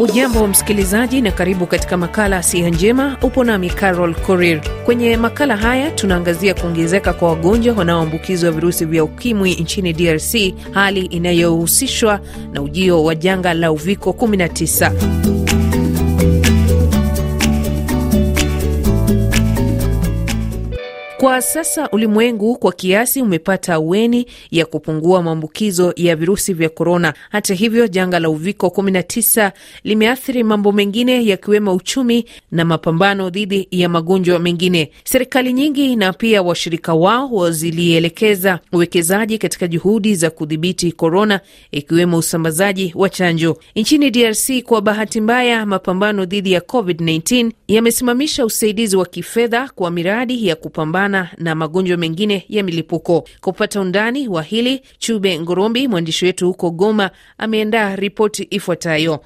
Ujambo wa msikilizaji, na karibu katika makala Siha Njema. Upo nami Carol Korir. Kwenye makala haya tunaangazia kuongezeka kwa wagonjwa wanaoambukizwa virusi vya ukimwi nchini DRC, hali inayohusishwa na ujio wa janga la uviko 19. Kwa sasa ulimwengu kwa kiasi umepata aweni ya kupungua maambukizo ya virusi vya korona. Hata hivyo, janga la uviko 19 limeathiri mambo mengine yakiwemo uchumi na mapambano dhidi ya magonjwa mengine. Serikali nyingi na pia washirika wao zilielekeza uwekezaji katika juhudi za kudhibiti korona, ikiwemo usambazaji wa chanjo nchini DRC. Kwa bahati mbaya, mapambano dhidi ya COVID-19 yamesimamisha usaidizi wa kifedha kwa miradi ya kupambana kutokana na magonjwa mengine ya milipuko. Kwa kupata undani wa hili, Chube Ngurumbi, mwandishi wetu huko Goma, ameandaa ripoti ifuatayo.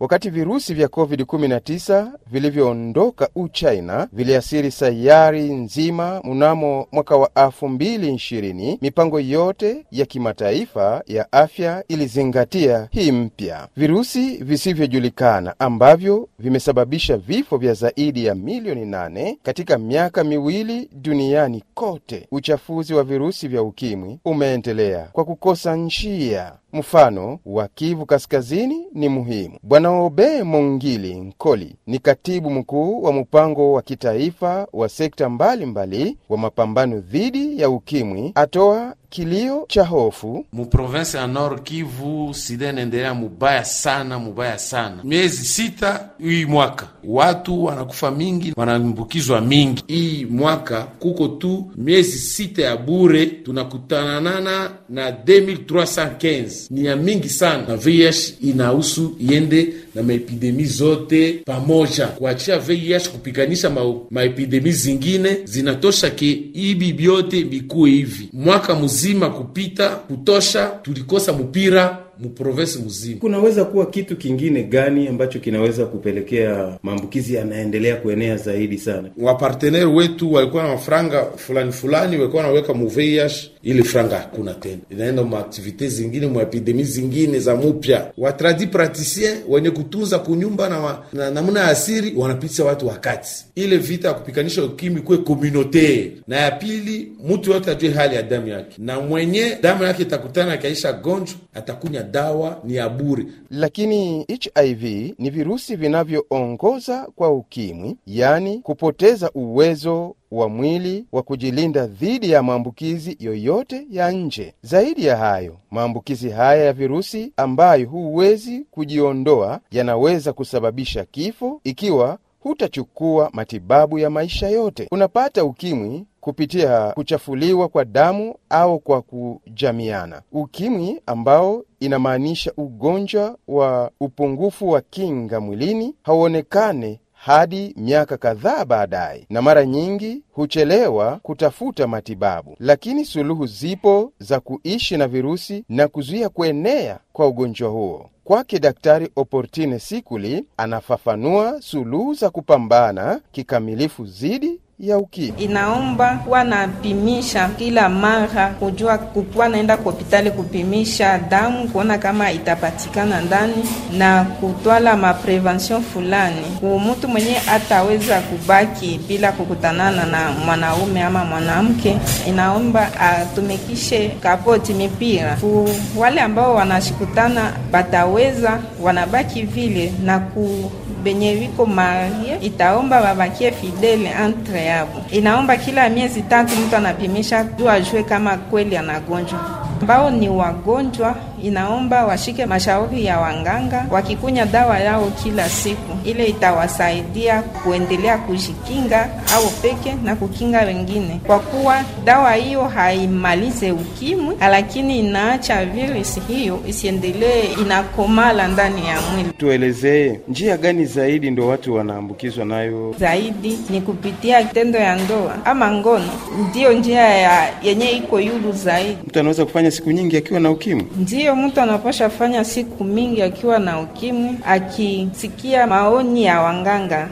Wakati virusi vya COVID-19 vilivyoondoka Uchina viliasiri sayari nzima mnamo mwaka wa 2020, mipango yote ya kimataifa ya afya ilizingatia hii mpya. Virusi visivyojulikana ambavyo vimesababisha vifo vya zaidi ya milioni nane katika miaka miwili duniani kote. Uchafuzi wa virusi vya ukimwi umeendelea kwa kukosa njia mfano wa Kivu Kaskazini ni muhimu. Bwana Obe Mongili Nkoli ni katibu mkuu wa mpango wa kitaifa wa sekta mbalimbali mbali wa mapambano dhidi ya ukimwi, atoa kilio cha hofu muprovensi ya Nord Kivu, sida inaendelea mubaya sana, mubaya sana. Miezi sita hii mwaka watu wanakufa mingi, wanaambukizwa mingi. Hii mwaka kuko tu miezi sita ya bure, tunakutananana na 2315 ni ya mingi sana, na VIH inahusu iende na maepidemi zote pamoja. Kuachia VIH kupiganisha ma, maepidemi zingine zinatosha ke ibi byote bikuwe hivi mwaka mzima kupita kutosha, tulikosa mpira mprovensi mzima. Kunaweza kuwa kitu kingine gani ambacho kinaweza kupelekea maambukizi yanaendelea kuenea zaidi sana? Waparteneri wetu walikuwa na mafranga fulani fulani walikuwa naweka muveyash, ili franga hakuna tena, inaenda maaktivite zingine maepidemi zingine za mupya. Watradi praticien wenye kutunza kunyumba na na namna ya asiri wanapitisha watu wakati ile vita ya kupikanisha ukimwi kuwe komunote, na ya pili mutu yote ajue hali ya damu yake, na mwenye damu yake itakutana akaisha gonjwa atakunya dawa ni ya bure. Lakini HIV ni virusi vinavyoongoza kwa ukimwi, yaani kupoteza uwezo wa mwili wa kujilinda dhidi ya maambukizi yoyote ya nje. Zaidi ya hayo, maambukizi haya ya virusi ambayo huwezi kujiondoa yanaweza kusababisha kifo ikiwa hutachukua matibabu ya maisha yote. Unapata ukimwi kupitia kuchafuliwa kwa damu au kwa kujamiana. Ukimwi ambao inamaanisha ugonjwa wa upungufu wa kinga mwilini hauonekane hadi miaka kadhaa baadaye na mara nyingi huchelewa kutafuta matibabu, lakini suluhu zipo za kuishi na virusi na kuzuia kuenea kwa ugonjwa huo. Kwake Daktari Oportine Sikuli anafafanua suluhu za kupambana kikamilifu dhidi ya uki inaomba wanapimisha kila mara, kujua kukuwa naenda kwa hopitali kupimisha damu kuona kama itapatikana ndani na kutwala maprevention fulani ku mtu mwenye ataweza kubaki bila kukutanana na mwanaume ama mwanamke. Inaomba atumikishe kapoti mipira ku wale ambao wanashikutana bataweza wanabaki vile na ku benye viko marie itaomba babakie fidele entre yabo. Inaomba kila miezi tatu mtu anapimisha tu ajue kama kweli anagonjwa. Ambao ni wagonjwa inaomba washike mashauri ya wanganga, wakikunya dawa yao kila siku. Ile itawasaidia kuendelea kujikinga au peke na kukinga wengine, kwa kuwa dawa hiyo haimalize ukimwi, lakini inaacha virusi hiyo isiendelee inakomala ndani ya mwili. Tuelezee njia gani zaidi ndo watu wanaambukizwa nayo zaidi? Ni kupitia tendo ya ndoa ama ngono, ndiyo njia ya yenye iko yulu zaidi. Mtu anaweza kufanya siku nyingi akiwa na ukimwi, ndiyo mtu anapasha fanya siku mingi akiwa na ukimwi, akisikia maoni ya wanganga.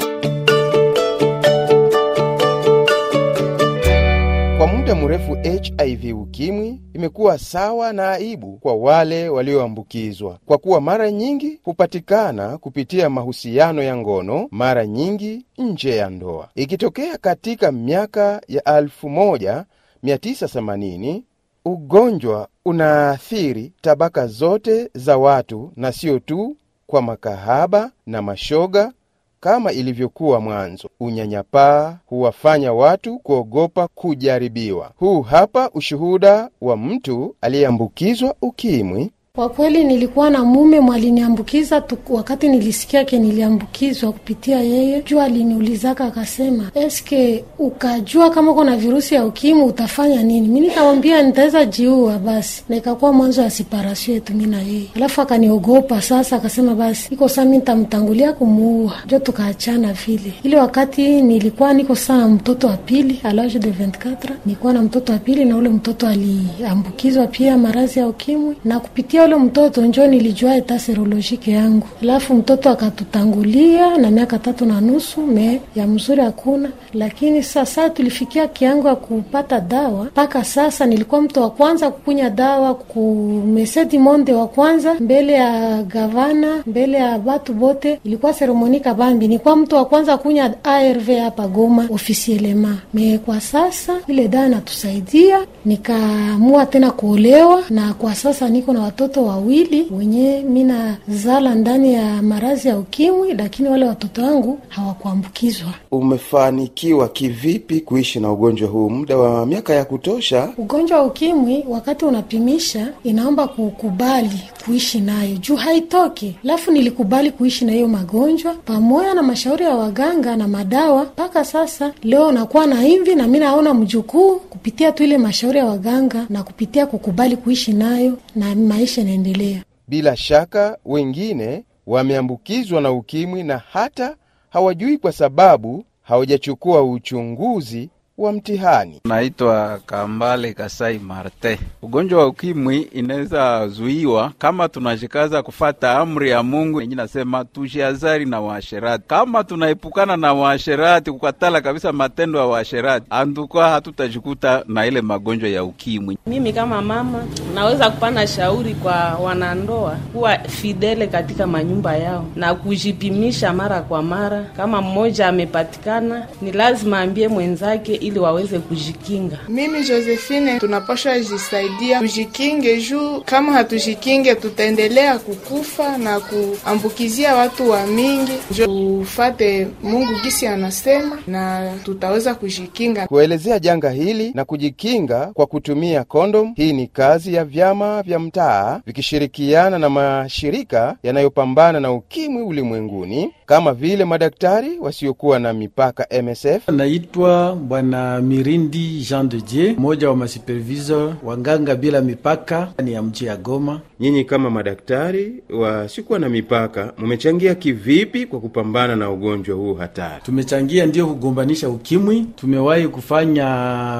Kwa muda mrefu HIV ukimwi imekuwa sawa na aibu kwa wale walioambukizwa, kwa kuwa mara nyingi hupatikana kupitia mahusiano ya ngono, mara nyingi nje ya ndoa, ikitokea katika miaka ya 1980 ugonjwa unaathiri tabaka zote za watu na sio tu kwa makahaba na mashoga kama ilivyokuwa mwanzo. Unyanyapaa huwafanya watu kuogopa kujaribiwa. Huu hapa ushuhuda wa mtu aliyeambukizwa ukimwi kwa kweli nilikuwa na mume mwaliniambukiza wakati nilisikia ke niliambukizwa kupitia yeye, juu aliniulizaka akasema, eske ukajua kama uko na virusi ya ukimwi utafanya nini? Mi nikamwambia nitaweza jiua basi, na ikakuwa mwanzo ya siparasio yetu mi na yeye. Alafu akaniogopa sasa, akasema basi iko saa mi nitamtangulia kumuua, njo tukaachana vile. Ile wakati nilikuwa niko saa mtoto wa pili alage de 24 nilikuwa na mtoto wa pili, na ule mtoto aliambukizwa pia marazi ya ukimwi na kupitia yule mtoto njo nilijua eta serolojike yangu, alafu mtoto akatutangulia na miaka tatu na nusu. Me ya mzuri hakuna, lakini sasa tulifikia kiango ya kupata dawa. Mpaka sasa nilikuwa mtu wa kwanza kukunya dawa ku mesedi monde wa kwanza mbele ya gavana, mbele ya batu bote. Ilikuwa seremonika bambi, nilikuwa mtu wa kwanza kunya ARV hapa Goma ofisielema. Me kwa sasa ile dawa natusaidia, nikaamua tena kuolewa na kwa sasa niko na watoto watoto wawili wenye mina zala ndani ya marazi ya ukimwi, lakini wale watoto wangu hawakuambukizwa. Umefanikiwa kivipi kuishi na ugonjwa huu muda wa miaka ya kutosha? Ugonjwa wa ukimwi wakati unapimisha, inaomba kukubali kuishi nayo juu haitoki. Alafu nilikubali kuishi na hiyo magonjwa pamoja na mashauri ya waganga na madawa. Mpaka sasa leo nakuwa na hivi na mi naona mjukuu kupitia tu ile mashauri ya waganga na kupitia kukubali kuishi nayo, na maisha inaendelea. Bila shaka wengine wameambukizwa na ukimwi na hata hawajui kwa sababu hawajachukua uchunguzi wa mtihani. Naitwa Kambale Kasai Marte. Ugonjwa wa ukimwi inaweza zuiwa kama tunashikaza kufata amri ya Mungu yenye nasema tushihazari na waasherati. Kama tunaepukana na waasherati, kukatala kabisa matendo ya waasherati, anduka hatutajikuta na ile magonjwa ya ukimwi. Mimi kama mama naweza kupana shauri kwa wanandoa kuwa fidele katika manyumba yao na kujipimisha mara kwa mara. Kama mmoja amepatikana, ni lazima ambie mwenzake ili waweze kujikinga. Mimi Josephine, tunapasha jisaidia tujikinge, juu kama hatujikinge tutaendelea kukufa na kuambukizia watu wa mingi. Jo, tufate Mungu gisi anasema na tutaweza kujikinga. Kuelezea janga hili na kujikinga kwa kutumia kondom, hii ni kazi ya vyama vya mtaa vikishirikiana na mashirika yanayopambana na ukimwi ulimwenguni kama vile madaktari wasiokuwa na mipaka MSF. Naitwa bwana na Mirindi Jean de Dieu, mmoja wa masupervisor wanganga bila mipaka ni ya mji ya Goma nyinyi kama madaktari wasiokuwa na mipaka mumechangia kivipi kwa kupambana na ugonjwa huu hatari? Tumechangia ndiyo kugombanisha ukimwi. Tumewahi kufanya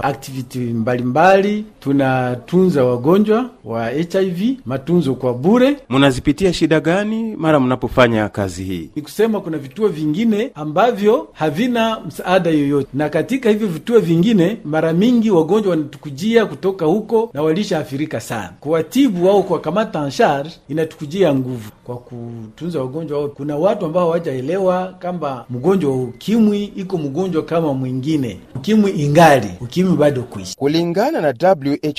aktiviti mbalimbali, tunatunza wagonjwa wa HIV, matunzo kwa bure. munazipitia shida gani mara mnapofanya kazi hii? Ni kusema kuna vituo vingine ambavyo havina msaada yoyote, na katika hivyo vituo vingine mara mingi wagonjwa wanatukujia kutoka huko na walishaafirika sana, kuwatibu au kuwakamata tanshar inatukujia nguvu kwa kutunza wagonjwa wao. Kuna watu ambao hawajaelewa kamba mgonjwa wa ukimwi iko mgonjwa kama mwingine. Ukimwi ingali ukimwi, bado kuishi. Kulingana na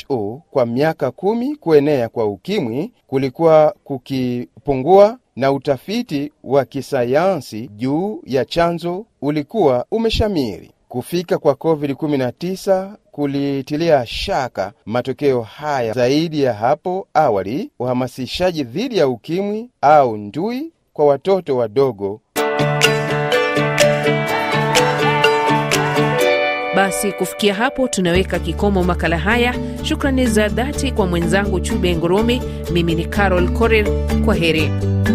WHO, kwa miaka kumi kuenea kwa ukimwi kulikuwa kukipungua na utafiti wa kisayansi juu ya chanzo ulikuwa umeshamiri. Kufika kwa COVID-19 kulitilia shaka matokeo haya. Zaidi ya hapo awali, uhamasishaji dhidi ya ukimwi au ndui kwa watoto wadogo. Basi kufikia hapo tunaweka kikomo makala haya. Shukrani za dhati kwa mwenzangu Chube Ngurumi. Mimi ni Carol Korir, kwa heri.